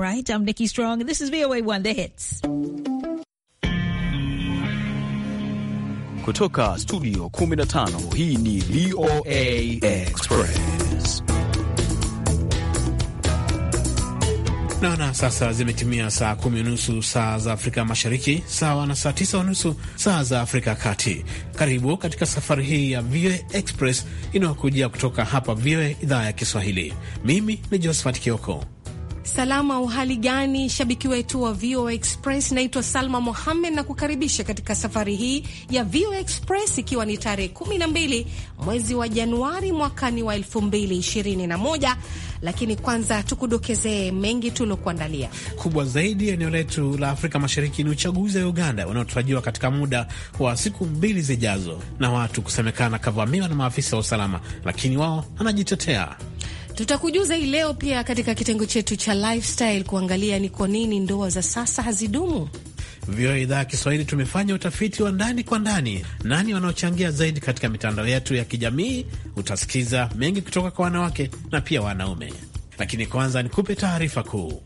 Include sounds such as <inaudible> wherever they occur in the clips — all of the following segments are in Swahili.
right, I'm Nikki Strong. This is voa One The Hits. Kutoka studio 15 hii ni VOA Express. Naona sasa zimetimia saa kumi nusu saa za Afrika Mashariki, sawa na saa tisa nusu saa za Afrika ya Kati. Karibu katika safari hii ya VOA Express inayokujia kutoka hapa VOA idhaa ya Kiswahili. Mimi ni Josephat Kioko Salama, uhali gani shabiki wetu wa VOA Express? Naitwa Salma muhammed na kukaribisha katika safari hii ya VOA Express, ikiwa ni tarehe 12 mwezi wa Januari mwakani wa 2021. Lakini kwanza tukudokezee mengi tuliokuandalia. Kubwa zaidi, eneo letu la Afrika Mashariki ni uchaguzi wa Uganda unaotarajiwa katika muda wa siku mbili zijazo, na watu kusemekana kavamiwa na maafisa wa usalama, lakini wao anajitetea Tutakujuza hii leo pia katika kitengo chetu cha lifestyle kuangalia ni kwa nini ndoa za sasa hazidumu. Vyo idhaa ya Kiswahili tumefanya utafiti wa ndani kwa ndani, nani wanaochangia zaidi katika mitandao yetu ya kijamii. Utasikiza mengi kutoka kwa wanawake na pia wanaume, lakini kwanza nikupe taarifa kuu.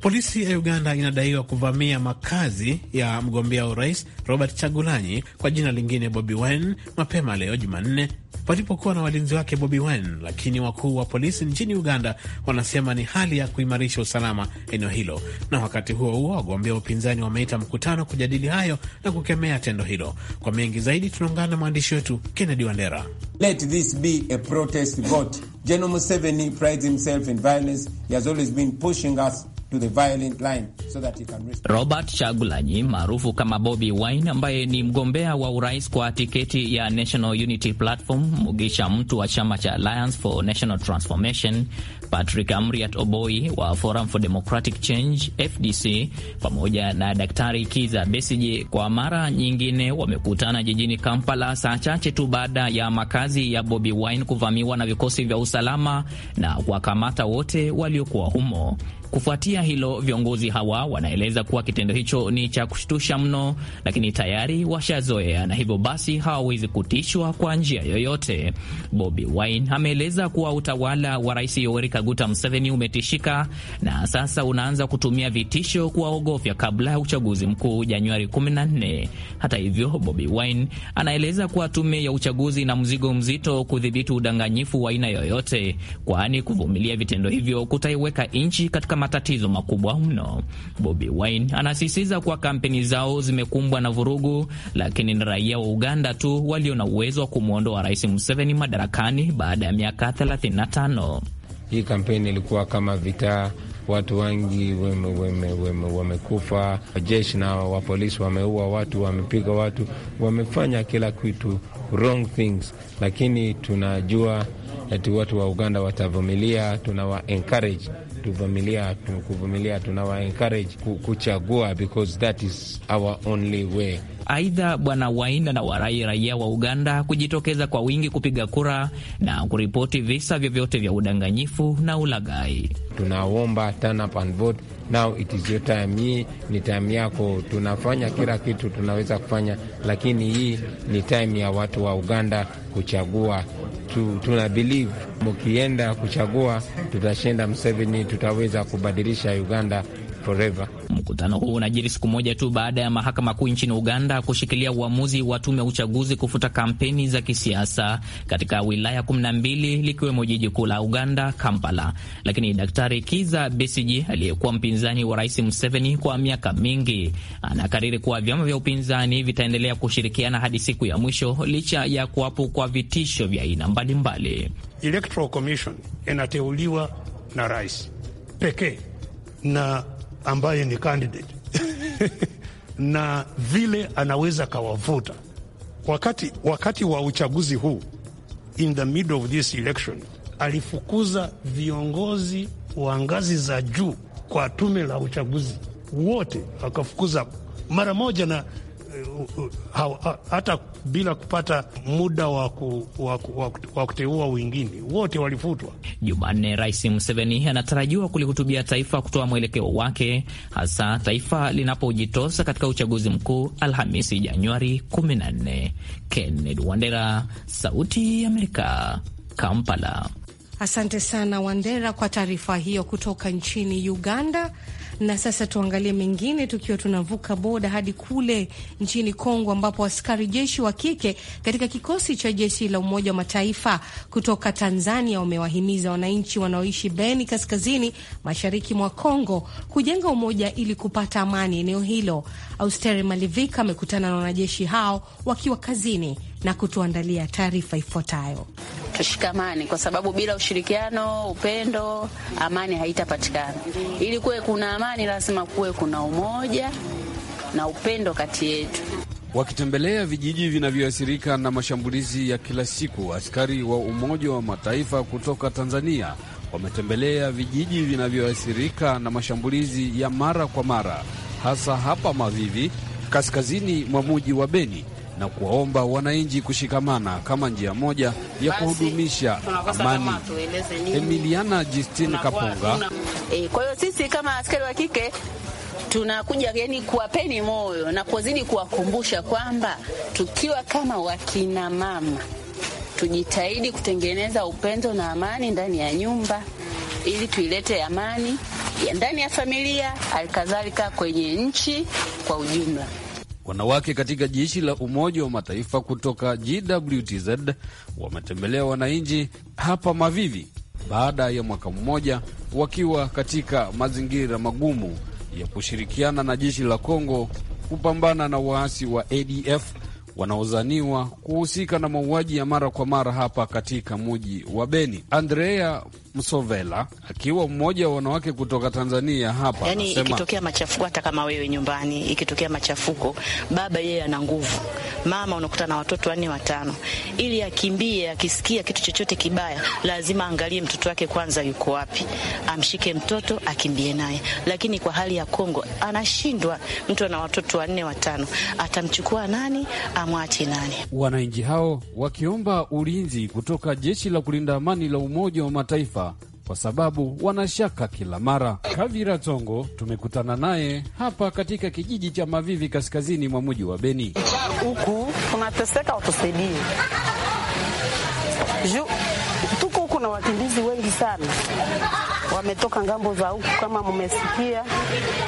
Polisi ya Uganda inadaiwa kuvamia makazi ya mgombea urais Robert Chagulanyi kwa jina lingine Bobi Wine mapema leo Jumanne, walipokuwa na walinzi wake Bobi Wine, lakini wakuu wa polisi nchini Uganda wanasema ni hali ya kuimarisha usalama eneo hilo. Na wakati huo huo, wagombea upinzani wameita mkutano kujadili hayo na kukemea tendo hilo. Kwa mengi zaidi, tunaungana na mwandishi wetu Kennedy Wandera. Let this be a protest vote. General Museveni prides himself in violence. He has always been pushing us to the violent line so that he can Robert Chagulanyi maarufu kama Bobby Wine ambaye ni mgombea wa urais kwa tiketi ya National Unity Platform, Mugisha Mtu wa chama cha Alliance for National Transformation, Patrick Amriat Oboi wa Forum for Democratic Change FDC, pamoja na Daktari Kiza Besije kwa mara nyingine wamekutana jijini Kampala saa chache tu baada ya makazi ya Bobby Wine kuvamiwa na vikosi vya usalama na kuwakamata wote waliokuwa humo. Kufuatia hilo, viongozi hawa wanaeleza kuwa kitendo hicho ni cha kushtusha mno, lakini tayari washazoea na hivyo basi hawawezi kutishwa kwa njia yoyote. Bobi Wine ameeleza kuwa utawala wa Rais Yoweri Kaguta Museveni umetishika na sasa unaanza kutumia vitisho kuwaogofya kabla ya uchaguzi mkuu Januari 14. Hata hivyo, Bobi Wine anaeleza kuwa tume ya uchaguzi na mzigo mzito kudhibiti udanganyifu wa aina yoyote, kwani kuvumilia vitendo hivyo kutaiweka nchi katika matatizo makubwa mno. Bobi Wine anasisitiza kuwa kampeni zao zimekumbwa na vurugu, lakini ni raia wa Uganda tu walio na uwezo wa kumwondoa Rais Museveni madarakani baada ya miaka 35. Hii kampeni ilikuwa kama vita watu wengi wamekufa, jeshi na wa polisi wameua watu, wamepiga watu, wamefanya kila kitu wrong things, lakini tunajua eti watu wa Uganda watavumilia. Tunawa encourage tuvumilia, kuvumilia, tunawa encourage kuchagua because that is our only way. Aidha, Bwana Wainda na warai raia wa Uganda kujitokeza kwa wingi kupiga kura na kuripoti visa vyovyote vya udanganyifu na ulagai. Tunaomba turn up and vote now it is your time, hii ni time yako. Tunafanya kila kitu tunaweza kufanya, lakini hii ni time ya watu wa Uganda kuchagua tu. Tuna believe mukienda kuchagua tutashinda Mseveni, tutaweza kubadilisha Uganda forever. Mkutano huu unajiri siku moja tu baada ya mahakama kuu nchini Uganda kushikilia uamuzi wa tume ya uchaguzi kufuta kampeni za kisiasa katika wilaya 12 likiwemo jiji kuu la Uganda, Kampala. Lakini Daktari Kiza Besiji aliyekuwa mpinzani wa Rais Museveni kwa miaka mingi anakariri kuwa vyama vya upinzani vitaendelea kushirikiana hadi siku ya mwisho licha ya kuwapo kwa vitisho vya aina mbalimbali. Electoral Commission inateuliwa na rais pekee na ambaye ni candidate <laughs> na vile anaweza kawavuta wakati, wakati wa uchaguzi huu in the middle of this election alifukuza viongozi wa ngazi za juu kwa tume la uchaguzi wote, akafukuza mara moja na hata bila kupata muda wa kuteua wengine wote walifutwa. Jumanne, Rais Museveni anatarajiwa kulihutubia taifa kutoa mwelekeo wake, hasa taifa linapojitosa katika uchaguzi mkuu Alhamisi, Januari 14. Kennedy Wandera, Sauti ya Amerika, Kampala. Asante sana Wandera kwa taarifa hiyo kutoka nchini Uganda. Na sasa tuangalie mengine, tukiwa tunavuka boda hadi kule nchini Kongo, ambapo askari jeshi wa kike katika kikosi cha jeshi la Umoja wa Mataifa kutoka Tanzania wamewahimiza wananchi wanaoishi Beni, kaskazini mashariki mwa Kongo, kujenga umoja ili kupata amani eneo hilo. Austeri Malivika amekutana na wanajeshi hao wakiwa kazini na kutuandalia taarifa ifuatayo. Tushikamane kwa sababu bila ushirikiano, upendo, amani haitapatikana. Ili kuwe kuna amani, lazima kuwe kuna umoja na upendo kati yetu. Wakitembelea vijiji vinavyoathirika na mashambulizi ya kila siku, askari wa Umoja wa Mataifa kutoka Tanzania wametembelea vijiji vinavyoathirika na mashambulizi ya mara kwa mara, hasa hapa Mavivi, kaskazini mwa muji wa Beni na kuwaomba wananchi kushikamana kama njia moja ya kuhudumisha amani. Emiliana Justine Kaponga. Eh, kwa hiyo sisi kama askari wa kike tunakuja yani kuwapeni moyo na kuzidi kuwakumbusha kwamba tukiwa kama wakina mama tujitahidi kutengeneza upendo na amani ndani ya nyumba ili tuilete amani ndani ya familia, alikadhalika kwenye nchi kwa ujumla. Wanawake katika jeshi la Umoja wa Mataifa kutoka JWTZ wametembelea wananchi hapa Mavivi baada ya mwaka mmoja wakiwa katika mazingira magumu ya kushirikiana na jeshi la Kongo kupambana na waasi wa ADF wanaozaniwa kuhusika na mauaji ya mara kwa mara hapa katika muji wa Beni. Andrea Msovela akiwa mmoja wa wanawake kutoka Tanzania hapa yani, anasema, ikitokea machafuko hata kama wewe nyumbani ikitokea machafuko, baba yeye ana nguvu, mama unakuta na watoto wanne watano, ili akimbie, akisikia kitu chochote kibaya, lazima angalie mtoto wake kwanza yuko wapi, amshike mtoto akimbie naye. Lakini kwa hali ya Kongo anashindwa, mtu ana watoto wanne watano, atamchukua nani, amwache nani? Wananchi hao wakiomba ulinzi kutoka jeshi la kulinda amani la Umoja wa Mataifa hapa kwa sababu wanashaka kila mara. Kavira Tongo tumekutana naye hapa katika kijiji cha Mavivi, kaskazini mwa muji wa Beni. Huku tunateseka, watusaidie juu tuko huku na wakimbizi wengi sana wametoka ngambo za huku, kama mmesikia,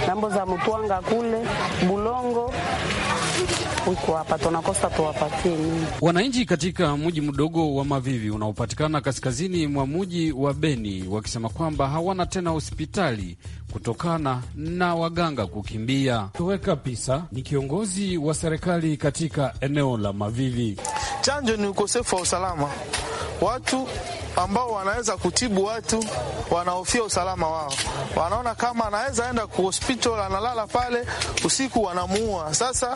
ngambo za Mtwanga kule Bulongo wananchi katika mji mdogo wa Mavivi unaopatikana kaskazini mwa mji wa Beni, wakisema kwamba hawana tena hospitali kutokana na waganga kukimbia. Tuweka Pisa ni kiongozi wa serikali katika eneo la Mavivi. Chanjo ni ukosefu wa usalama, watu ambao wanaweza kutibu watu, wanahofia usalama wao, wanaona kama anaweza enda hospital analala pale usiku, wanamuua. Sasa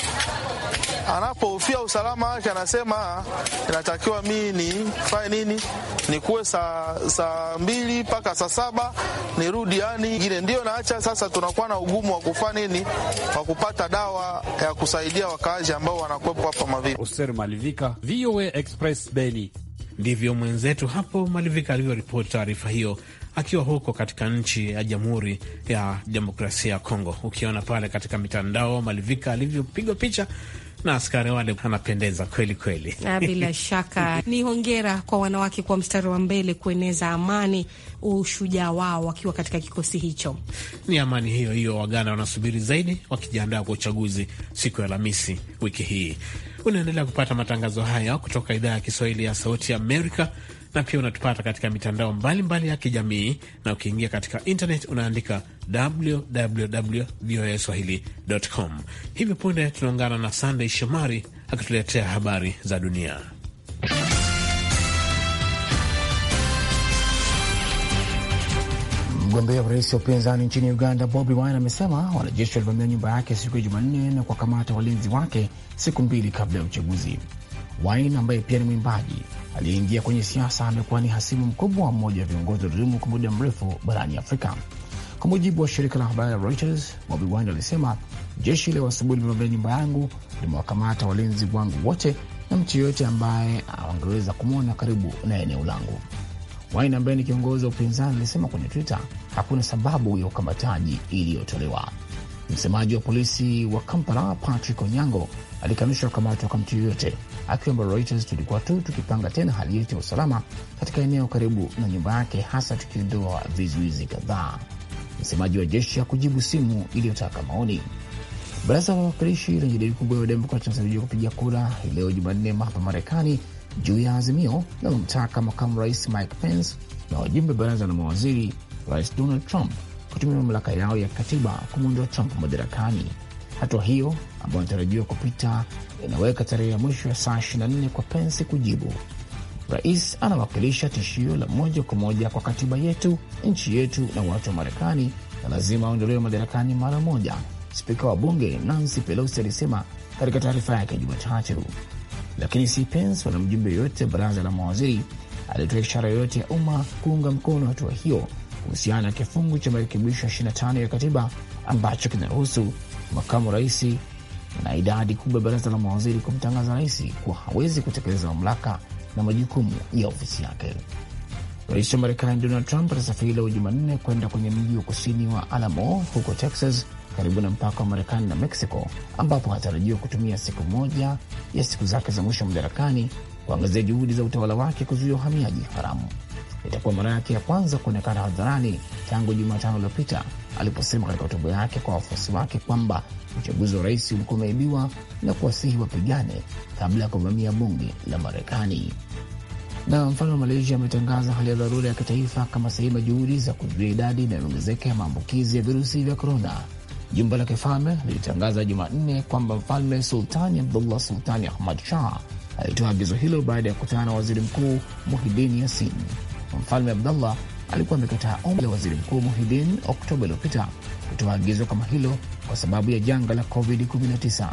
anapohofia usalama wake, anasema ah, inatakiwa mi nifanye nini, nikuwe saa saa mbili mpaka saa saba nirudi, yani ingine ndio naacha. Sasa tunakuwa na ugumu wa kufanya nini, wa kupata dawa ya kusaidia wakaazi ambao wanakwepo hapa Mavivi. Oser Malivika, VOA Express Beni. Ndivyo mwenzetu hapo Malivika alivyoripoti taarifa hiyo akiwa huko katika nchi ya Jamhuri ya Demokrasia ya Kongo. Ukiona pale katika mitandao Malivika alivyopigwa picha na askari wale, anapendeza kweli kweli. Bila <laughs> shaka ni hongera kwa wanawake kwa mstari wa mbele kueneza amani, ushujaa wao wakiwa katika kikosi hicho. Ni amani hiyo hiyo Waganda wanasubiri zaidi, wakijiandaa kwa uchaguzi siku ya Alhamisi wiki hii. Unaendelea kupata matangazo haya kutoka idhaa ya Kiswahili ya Sauti Amerika, na pia unatupata katika mitandao mbalimbali mbali ya kijamii, na ukiingia katika internet unaandika www voa swahili.com. Hivi punde tunaungana na Sandey Shomari akituletea habari za dunia. Mgombea wa rais wa upinzani nchini Uganda, Bobi Wine, amesema wanajeshi walivamia nyumba yake siku ya Jumanne na kuwakamata walinzi wake siku mbili kabla ya uchaguzi. Wine ambaye pia ni mwimbaji aliyeingia kwenye siasa amekuwa ni hasimu mkubwa wa mmoja wa viongozi walidumu kwa muda mrefu barani Afrika. Kwa mujibu wa shirika la habari la Reuters, Bobi Wine alisema jeshi leo asubuhi limevamia nyumba yangu, limewakamata walinzi wangu wote na mtu yeyote ambaye angeweza kumwona karibu na eneo langu. Wine ambaye ni kiongozi wa upinzani alisema kwenye Twitter hakuna sababu ya ukamataji iliyotolewa. Msemaji wa polisi wa Kampala Patrick Onyango alikanusha kukamatwa kwa mtu yoyote, akiomba Reuters, tulikuwa tu tukipanga tena hali yetu ya usalama katika eneo karibu na nyumba yake, hasa tukiondoa vizuizi kadhaa. Msemaji wa jeshi hakujibu simu iliyotaka maoni. Baraza la wawakilishi lenye idadi kubwa ya Wademokrat linatarajiwa kupiga kura hii leo Jumanne hapa Marekani juu ya azimio linalomtaka makamu rais Mike Pence na wajumbe baraza la mawaziri rais Donald Trump kutumia mamlaka yao ya katiba kumwondoa Trump madarakani. Hatua hiyo ambayo inatarajiwa kupita inaweka tarehe ya mwisho ya saa 24 kwa Pence kujibu. Rais anawakilisha tishio la moja kwa moja kwa katiba yetu, nchi yetu na watu wa Marekani, na lazima aondolewe madarakani mara moja, spika wa bunge Nancy Pelosi alisema katika taarifa yake Jumatatu lakini si Pence wala mjumbe yoyote baraza la mawaziri alitoa ishara yoyote ya umma kuunga mkono hatua hiyo kuhusiana na kifungu cha marekebisho 25 ya katiba ambacho kinaruhusu makamu rais na idadi kubwa ya baraza la mawaziri kumtangaza rais kuwa hawezi kutekeleza mamlaka na majukumu ya ofisi yake. Rais wa Marekani Donald Trump atasafiri leo Jumanne kwenda kwenye mji wa kusini wa Alamo huko Texas karibu na mpaka wa Marekani na Meksiko, ambapo anatarajiwa kutumia siku moja ya siku zake za mwisho madarakani kuangazia juhudi za utawala wake kuzuia uhamiaji haramu. Itakuwa mara yake ya kwanza kuonekana hadharani tangu Jumatano iliyopita aliposema katika hotuba yake kwa wafuasi wake kwamba uchaguzi wa rais ulikuwa umeibiwa na kuwasihi wapigane kabla ya kuvamia bunge la Marekani. Na mfalme wa Malaysia ametangaza hali ya dharura ya kitaifa kama sehemu ya juhudi za kuzuia idadi inayoongezeka ya maambukizi ya virusi vya korona Jimbo la kifalme lilitangaza Jumanne kwamba mfalme Sultani Abdullah Sultani Ahmad Shah alitoa agizo hilo baada ya kukutana na waziri mkuu Muhidin Yasin. Mfalme Abdullah alikuwa amekataa ombi la waziri mkuu Muhidin Oktoba iliyopita kutoa agizo kama hilo kwa sababu ya janga la COVID-19.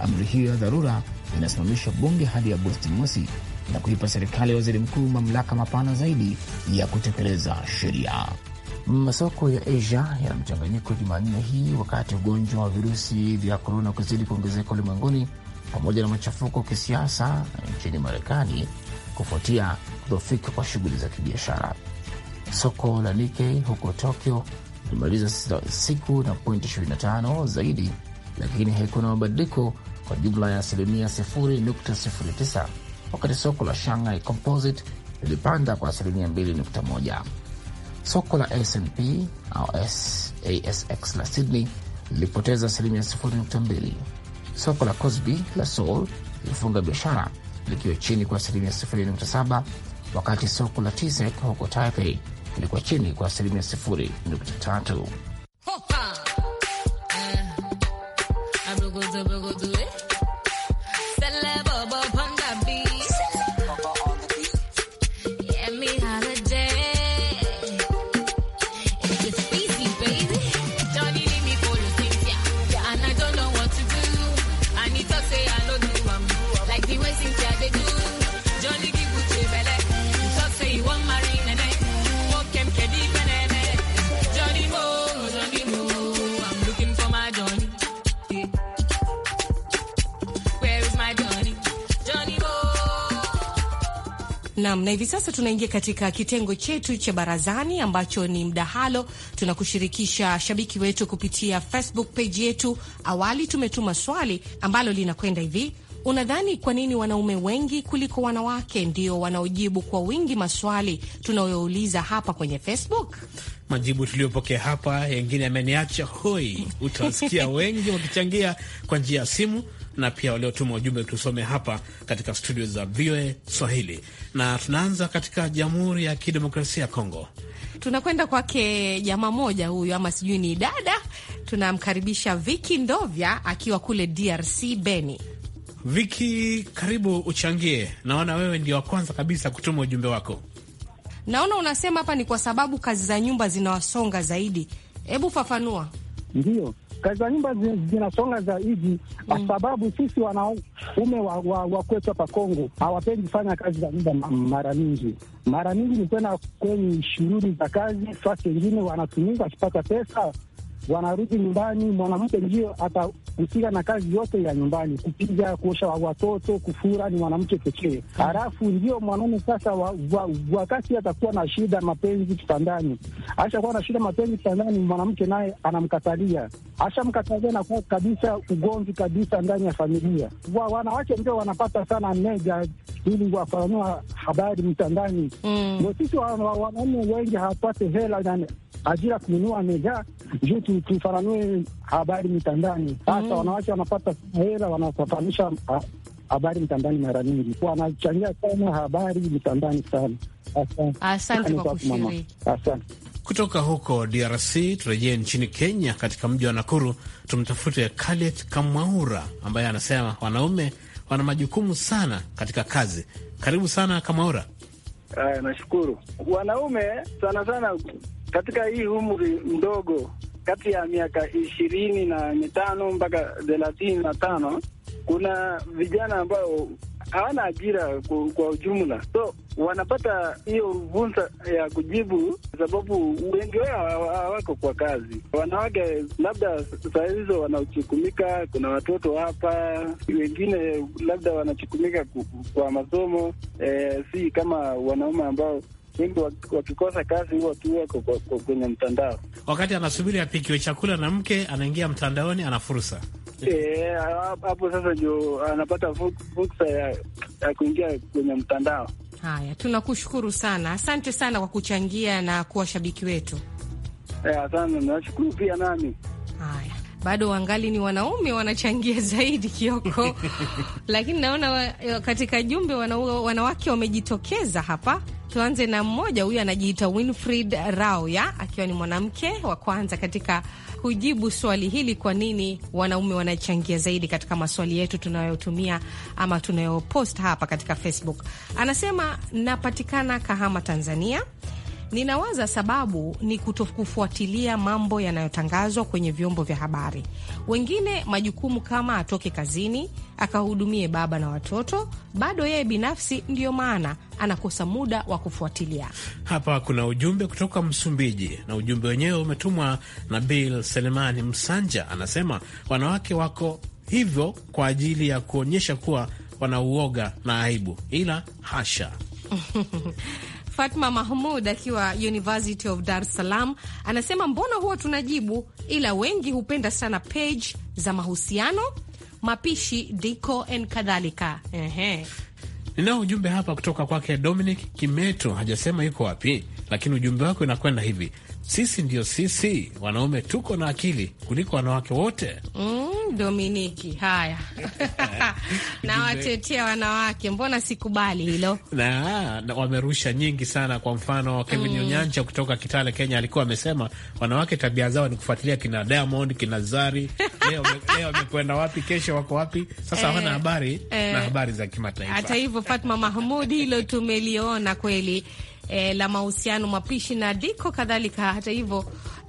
Amri hiyo ya dharura inasimamisha bunge hadi Agosti mosi na kuipa serikali ya waziri mkuu mamlaka mapana zaidi ya kutekeleza sheria. Masoko ya Asia yana mchanganyiko Jumanne hii wakati ugonjwa wa virusi vya korona ukizidi kuongezeka ulimwenguni pamoja na machafuko kisiasa nchini Marekani kufuatia kudhofika kwa shughuli za kibiashara. Soko la Nikkei huko Tokyo limemaliza siku na pointi 25 zaidi, lakini haikuwa na mabadiliko kwa jumla ya asilimia 0.09, wakati soko la Shanghai Composite lilipanda kwa asilimia 2.1. Soko la S&P au ASX la Sydney lilipoteza asilimia 0.2. Soko la Cosby la Seoul lilifunga biashara likiwa chini kwa asilimia 0.7, wakati soko la TSEC huko Taipei lilikuwa chini kwa asilimia 0.3. Nam, na hivi sasa tunaingia katika kitengo chetu cha barazani ambacho ni mdahalo. Tunakushirikisha shabiki wetu kupitia Facebook page yetu. Awali tumetuma swali ambalo linakwenda hivi: Unadhani kwa nini wanaume wengi kuliko wanawake ndio wanaojibu kwa wingi maswali tunayouliza hapa kwenye Facebook? Majibu tuliyopokea hapa, yengine yameniacha hoi. Utawasikia <laughs> wengi wakichangia kwa njia ya simu na pia waliotuma ujumbe tusome hapa katika studio za VOA Swahili. Na tunaanza katika Jamhuri ya Kidemokrasia ya Kongo, tunakwenda kwake jamaa moja huyu, ama sijui ni dada. Tunamkaribisha Viki Ndovya akiwa kule DRC Beni. Viki, karibu uchangie. Naona wewe ndio wa kwanza kabisa kutuma ujumbe wako. Naona unasema hapa ni kwa sababu kazi za nyumba zinawasonga zaidi. Hebu fafanua. Ndio, kazi za nyumba zinasonga zaidi, kwa mm. sababu sisi wanaume wa, wa, wa kwetu hapa Kongo hawapendi kufanya kazi za nyumba mara mingi. Mara mingi ni kwenda kwenye shughuli za kazi, fasi wengine wanatumika wakipata pesa wanarudi nyumbani, mwanamke ndio atahusika na kazi yote ya nyumbani, kupiga, kuosha watoto, kufura, ni mwanamke pekee. Halafu ndio mwanaume sasa, wakati atakuwa na shida mapenzi kitandani, ashakuwa na shida mapenzi kitandani, mwanamke naye anamkatalia, ashamkatalia na kuwa kabisa ugomvi kabisa ndani ya familia. Wanawake ndio wanapata sana nega ili wafanua habari mtandani, mm. sisi wanaume wengi hawapate hela ajira kununua mega juu tufananue habari mitandani mhm. hasa. mm -hmm. Wanawake wanapata hela, wanafatanisha habari mitandani, mara nyingi wanachangia sana habari mitandani sana. Asante yaani kwa kushiriki. Asante. Kutoka huko DRC turejee nchini Kenya, katika mji wa Nakuru tumtafute Kalet Kamwaura ambaye anasema wanaume wana majukumu sana katika kazi. Karibu sana Kamwaura. Nashukuru. Wanaume sana sana katika hii umri mdogo kati ya miaka ishirini na mitano mpaka thelathini na tano kuna vijana ambao hawana ajira kwa ujumla, so wanapata hiyo fursa ya kujibu, sababu wengi wao hawako kwa kazi. Wanawake labda saa hizo wanachukumika, kuna watoto hapa, wengine labda wanachukumika kwa masomo e, si kama wanaume ambao wengi wakikosa kazi huwa tu wako kwenye mtandao wakati anasubiri apikiwe chakula na mke, anaingia mtandaoni, ana fursa eh, hapo. E, sasa ndio anapata fursa ya, ya kuingia kwenye mtandao. Haya, tunakushukuru sana, asante sana kwa kuchangia na kuwa shabiki wetu. Eh, asante, nashukuru pia nami. Haya bado wangali ni wanaume wanachangia <laughs> zaidi Kioko. <laughs> Lakini naona wa, eh, katika jumbe wana, wanawake wamejitokeza hapa. Tuanze na mmoja huyu anajiita Winfried Rauya akiwa ni mwanamke wa kwanza katika kujibu swali hili, kwa nini wanaume wanachangia zaidi katika maswali yetu tunayotumia ama tunayopost hapa katika Facebook. Anasema napatikana Kahama, Tanzania. Ninawaza sababu ni kutokufuatilia mambo yanayotangazwa kwenye vyombo vya habari. Wengine majukumu kama atoke kazini akahudumie baba na watoto, bado yeye binafsi, ndiyo maana anakosa muda wa kufuatilia. Hapa kuna ujumbe kutoka Msumbiji, na ujumbe wenyewe umetumwa na Bill Selemani Msanja. Anasema wanawake wako hivyo kwa ajili ya kuonyesha kuwa wanauoga na aibu, ila hasha <laughs> Fatma Mahmud akiwa University of Dar es Salaam anasema mbona huwa tunajibu, ila wengi hupenda sana page za mahusiano, mapishi, diko and kadhalika. Ehe. Ninao ujumbe hapa kutoka kwake Dominic Kimeto, hajasema yuko wapi, lakini ujumbe wake unakwenda hivi sisi ndio sisi wanaume tuko na akili kuliko wanawake wote. Mm, Dominiki, haya <laughs> nawatetea wanawake, mbona sikubali hilo na, na wamerusha nyingi sana. Kwa mfano Kevin mm. Onyancha kutoka Kitale, Kenya, alikuwa amesema wanawake tabia zao ni kufuatilia kina Diamond, kina Zari <laughs> leo wamekwenda wapi, kesho wako wapi? Sasa hawana eh, habari eh, na habari za kimataifa. Hata hivyo Fatma Mahmudi, hilo tumeliona kweli eh, la mahusiano, mapishi na diko kadhalika. Hata hivyo,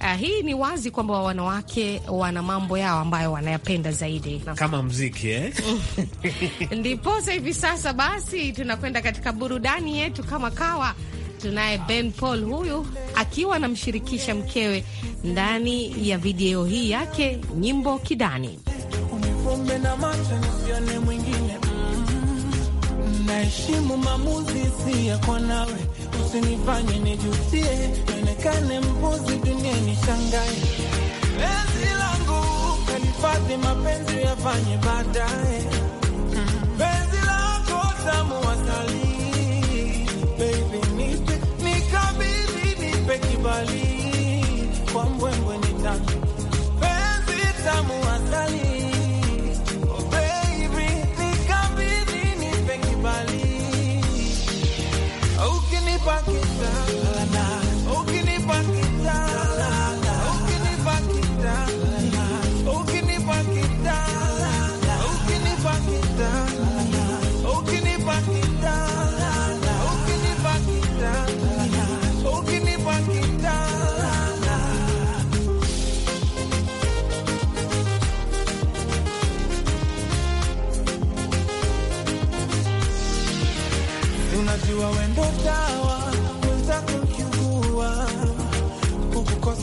uh, hii ni wazi kwamba wanawake wana mambo yao ambayo wanayapenda zaidi kama mziki eh? <laughs> Ndiposa hivi sasa basi tunakwenda katika burudani yetu kama kawa tunaye Ben Paul huyu akiwa anamshirikisha mkewe ndani ya video hii yake nyimbo Kidani naheshimu maamuzi si ya nawe usinifanye nijutie, ionekane mbuzi, dunia ni shangae. Penzi langu kalifadhi, mapenzi yafanye baadaye. Penzi lako tamu wasali, baby nipe, nikabidhi, nipe kibali, kwa mbwembwe nitaki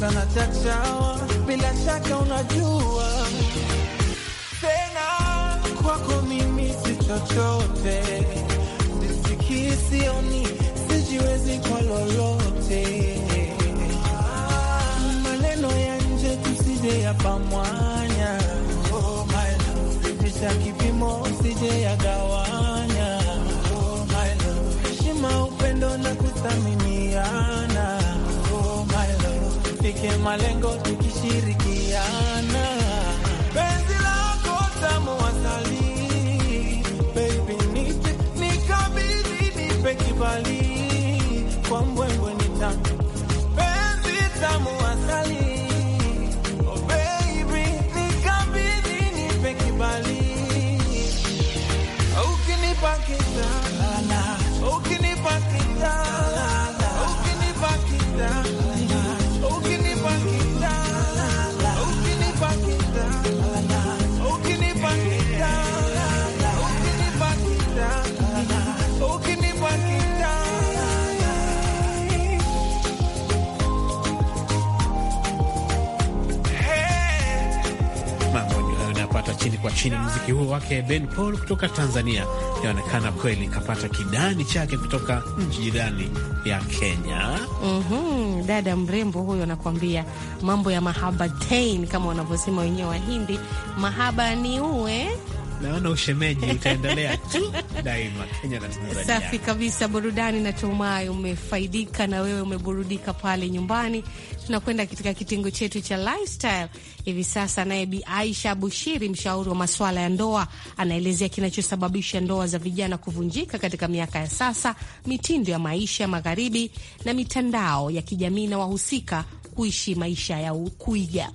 sana bila shaka unajua tena, kwako mimi si chochote, sisikii, sioni, sijiwezi kwa lolote. Maneno ya nje tusije yapamwanya, ipisha oh, kipimo usije yagawanya, oh, heshima, upendo na kuthamini kwenye malengo tukishirikiana kwa chini. Muziki huo wake Ben Paul kutoka Tanzania inaonekana kweli kapata kidani chake kutoka nchi jirani ya Kenya. mm -hmm, dada mrembo huyo anakuambia mambo ya mahaba tain, kama wanavyosema wenyewe Wahindi, mahaba ni uwe naona ushemeji utaendelea tu daima, Kenya na Tanzania. Safi kabisa, burudani. Natumai umefaidika na wewe umeburudika pale nyumbani. Tunakwenda katika kitengo chetu cha lifestyle hivi sasa, naye Bi Aisha Bushiri, mshauri wa maswala ya ndoa, anaelezea kinachosababisha ndoa za vijana kuvunjika katika miaka ya sasa, mitindo ya maisha ya magharibi na mitandao ya kijamii na wahusika kuishi maisha ya kuiga.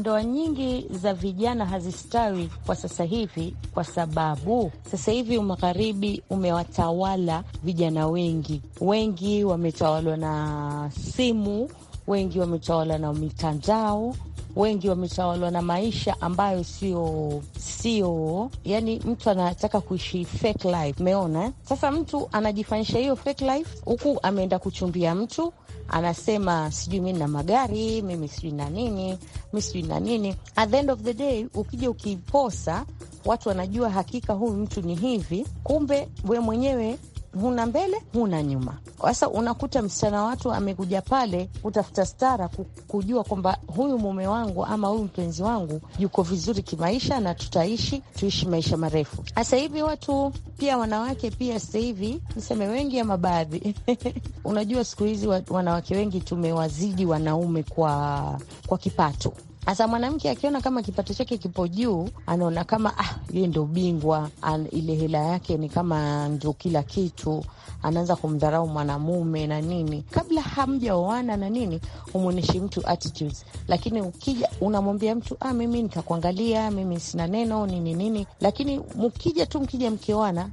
Ndoa nyingi za vijana hazistawi kwa sasa hivi, kwa sababu sasa hivi magharibi umewatawala vijana wengi. Wengi wametawalwa na simu, wengi wametawalwa na mitandao wengi wametawaliwa na maisha ambayo sio sio, yani mtu anataka kuishi fake life. Umeona sasa, mtu anajifanyisha hiyo fake life, huku ameenda kuchumbia mtu anasema sijui mi na magari mimi sijui na nini mi sijui na nini. At the end of the day, ukija ukiposa, watu wanajua hakika huyu mtu ni hivi, kumbe we mwenyewe huna mbele huna nyuma. Sasa unakuta msichana watu amekuja pale kutafuta stara, kujua kwamba huyu mume wangu ama huyu mpenzi wangu yuko vizuri kimaisha na tutaishi tuishi maisha marefu. Sasa hivi watu pia, wanawake pia, sasa hivi niseme wengi ama baadhi <laughs> unajua siku hizi wanawake wengi tumewazidi wanaume kwa, kwa kipato Hasa mwanamke akiona kama kipato chake kipo juu, anaona kama ah, yeye ndo bingwa an, ile hela yake ni kama ndio kila kitu. Anaanza kumdharau mwanamume na nini, kabla hamjaoana na nini, humwonyeshi mtu attitudes. Lakini ukija unamwambia mtu ah, mimi nitakuangalia, mimi sina neno nini nini, lakini mkija tu mkija mkioana,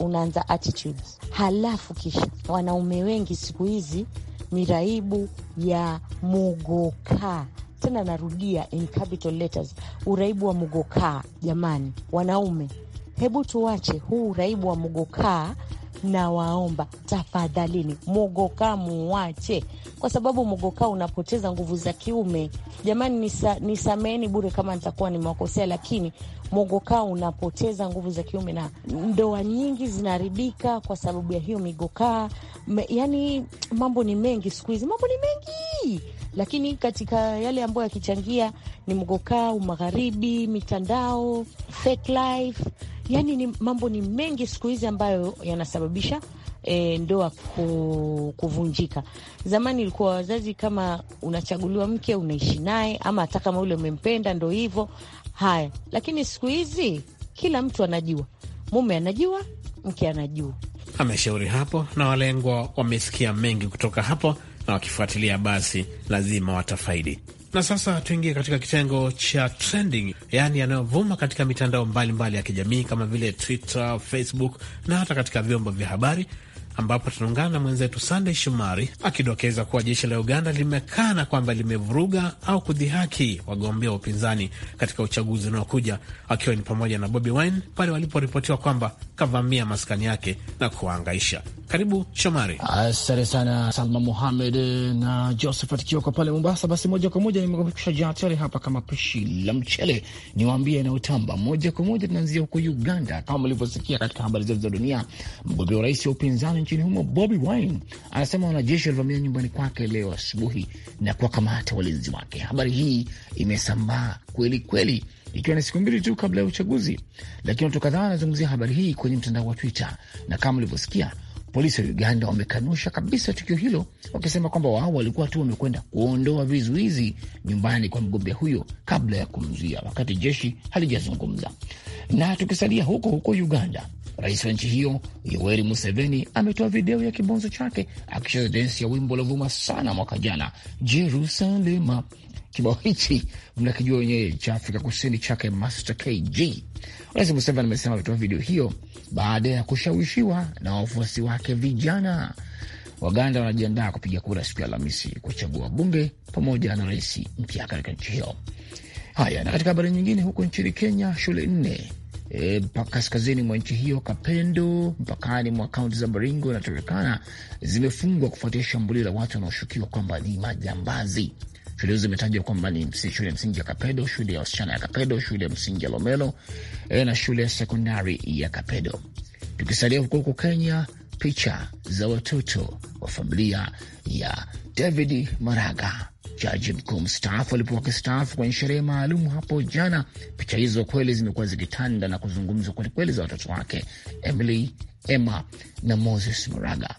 unaanza attitudes. Halafu kisha wanaume wengi siku hizi miraibu ya mugoka tena narudia in capital letters, uraibu wa mugokaa. Jamani wanaume, hebu tuwache huu uraibu wa mugokaa nawaomba tafadhalini, mogokaa muwache, kwa sababu mogokaa unapoteza nguvu za kiume. Jamani, nisa, nisameheni bure kama nitakuwa nimewakosea, lakini mogokaa unapoteza nguvu za kiume na ndoa nyingi zinaharibika kwa sababu ya hiyo migokaa. Yani mambo ni mengi siku hizi, mambo ni mengi lakini katika yale ambayo yakichangia ni mgokaa, umagharibi, mitandao, fake life, yani ni mambo ni mengi siku hizi ambayo yanasababisha E, ndoa ku, kuvunjika. Zamani ilikuwa wazazi, kama unachaguliwa mke unaishi naye, ama hata kama ule umempenda ndo hivyo haya, lakini siku hizi kila mtu anajua, mume anajua, mke anajua. Ameshauri hapo na walengwa wamesikia mengi kutoka hapo na wakifuatilia basi lazima watafaidi. Na sasa tuingie katika kitengo cha trending, yaani yanayovuma katika mitandao mbalimbali mbali ya kijamii kama vile Twitter, Facebook na hata katika vyombo vya habari ambapo tunaungana na mwenzetu Sandey Shomari akidokeza kuwa jeshi la Uganda limekana kwamba limevuruga au kudhihaki wagombea wa upinzani katika uchaguzi unaokuja, akiwa ni pamoja na Bobi Wine pale waliporipotiwa kwamba kavamia maskani yake na kuwaangaisha. Karibu Shomari. Asante sana Salma Muhamed eh, na Josephat Kioko pale Mombasa. Basi moja kwa moja nimekusha jaa hapa kama pishi la mchele, niwaambie yanayotamba moja kwa moja. Tunaanzia huko Uganda, kama mlivyosikia katika habari zetu za dunia, mgombea wa rais wa upinzani nchini humo Bobi Wine anasema wanajeshi walivamia nyumbani kwake leo asubuhi na kuwakamata walinzi wake. Habari hii imesambaa kweli kweli, ikiwa ni siku mbili tu kabla ya uchaguzi, lakini watu kadhaa wanazungumzia habari hii kwenye mtandao wa Twitter, na kama ulivyosikia, polisi wa Uganda wamekanusha kabisa tukio hilo, wakisema kwamba wao walikuwa tu wamekwenda kuondoa vizuizi nyumbani kwa mgombea huyo kabla ya kumzuia, wakati jeshi halijazungumza. Na tukisalia huko huko Uganda, Rais wa nchi hiyo Yoweri Museveni ametoa video ya kibonzo chake akicheza densi ya wimbo uliovuma sana mwaka jana Jerusalema. Kibao hichi mnakijua wenyewe cha Afrika Kusini chake Master KG. Rais Museveni amesema ametoa video hiyo baada ya kushawishiwa na wafuasi wake vijana. Waganda wanajiandaa kupiga kura siku ya Alhamisi kuchagua bunge pamoja na rais mpya katika nchi hiyo. Haya, na katika habari nyingine, huko nchini Kenya, shule nne e, kaskazini mwa nchi hiyo Kapendo, mpakani mwa kaunti za Baringo na Turkana zimefungwa kufuatia shambulio la watu wanaoshukiwa kwamba ni majambazi. Shule hizo zimetajwa kwamba ni shule ya msingi ya Kapedo, shule ya wasichana ya Kapedo, shule ya msingi ya Lomelo e, na shule ya sekondari ya Kapedo. Tukisalia huko huko Kenya, picha za watoto wa familia ya David Maraga jaji mkuu mstaafu alipokuwa kistaafu kwenye sherehe maalum hapo jana. Picha hizo kweli zimekuwa zikitanda na kuzungumzwa kwelikweli, za watoto wake Emily, Emma na Moses Maraga.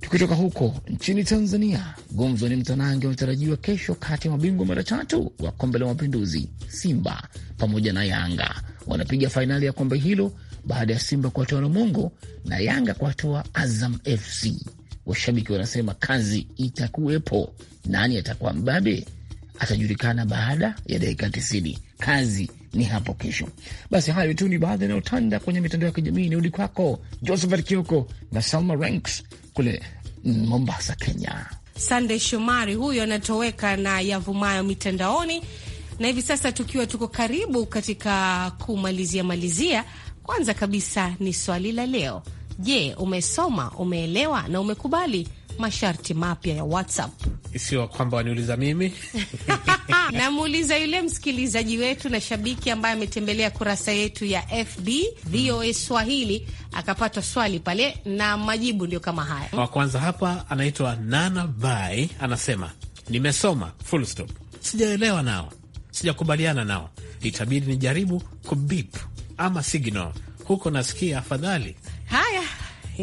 Tukitoka huko nchini Tanzania, gumzo ni mtanange unatarajiwa kesho kati ya mabingwa mara tatu wa kombe la mapinduzi, Simba pamoja na Yanga wanapiga fainali ya kombe hilo baada ya Simba kuwatoa Namungo na Yanga kuwatoa Azam FC. Washabiki wanasema kazi itakuwepo. Nani atakuwa mbabe atajulikana baada ya dakika tisini. Kazi ni hapo kesho. Basi hayo tu ni baadhi yanayotanda kwenye mitandao ya kijamii. Ni udi kwako Josephat Kioko na Salma Ranks kule mm, Mombasa, Kenya. Sandey Shomari huyo anatoweka na yavumayo mitandaoni. Na hivi sasa tukiwa tuko karibu katika kumalizia malizia, kwanza kabisa ni swali la leo. Je, umesoma, umeelewa na umekubali masharti mapya ya WhatsApp? Sio kwamba waniuliza mimi <laughs> namuuliza yule msikilizaji wetu na shabiki ambaye ametembelea kurasa yetu ya FB VOA Swahili akapata swali pale, na majibu ndio kama haya. Wa kwanza hapa anaitwa Nana Bai, anasema nimesoma full stop, sijaelewa nao, sijakubaliana nao, itabidi nijaribu kubip ama signal huko nasikia afadhali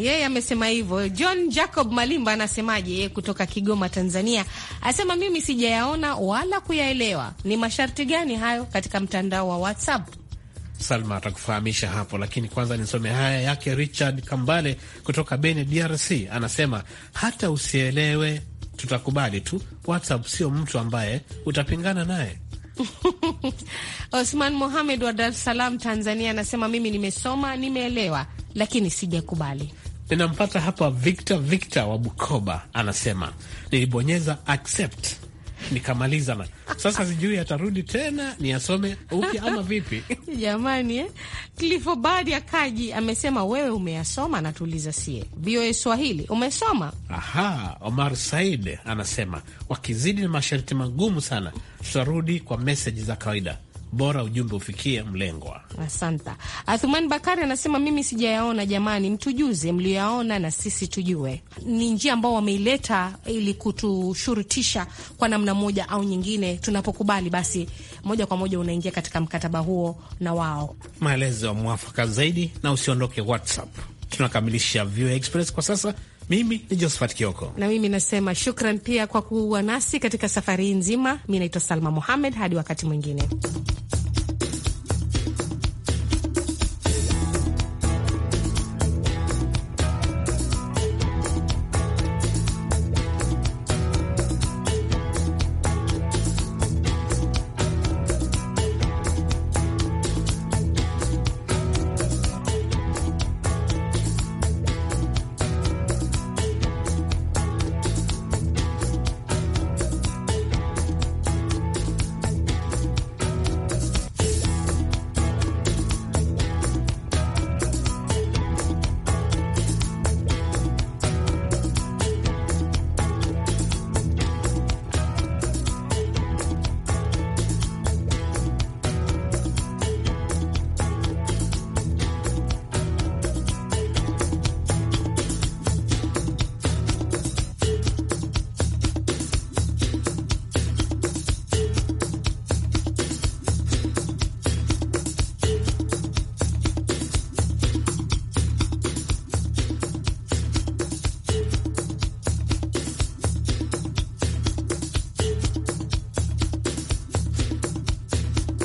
yeye amesema hivyo. John Jacob Malimba anasemaje? Yeye kutoka Kigoma, Tanzania, asema mimi sijayaona wala kuyaelewa. Ni masharti gani hayo katika mtandao wa WhatsApp? Salma atakufahamisha hapo, lakini kwanza nisome haya yake. Richard Kambale kutoka Beni, DRC, anasema hata usielewe, tutakubali tu. WhatsApp sio mtu ambaye utapingana naye. <laughs> Osman Mohamed wa Dar es Salaam, Tanzania, anasema mimi nimesoma, nimeelewa, lakini sijakubali ninampata hapa Victor Victor wa Bukoba, anasema nilibonyeza accept nikamaliza na sasa sijui atarudi tena niasome upya ama vipi? <laughs> Jamani eh? ya kaji amesema wewe umeyasoma, anatuuliza sie VOA Swahili umesoma. Aha, Omar Said anasema wakizidi na masharti magumu sana, tutarudi kwa meseji za kawaida bora ujumbe ufikie mlengwa. asanta Athuman Bakari anasema mimi sijayaona, jamani, mtujuze mlioyaona na sisi tujue. Ni njia ambao wameileta ili kutushurutisha kwa namna moja au nyingine, tunapokubali basi moja kwa moja unaingia katika mkataba huo na wao. Maelezo ya mwafaka zaidi, na usiondoke WhatsApp. Tunakamilisha View Express kwa sasa. Mimi ni Josephat Kioko na mimi nasema shukran pia kwa kuwa nasi katika safari nzima. Mi naitwa Salma Mohamed, hadi wakati mwingine.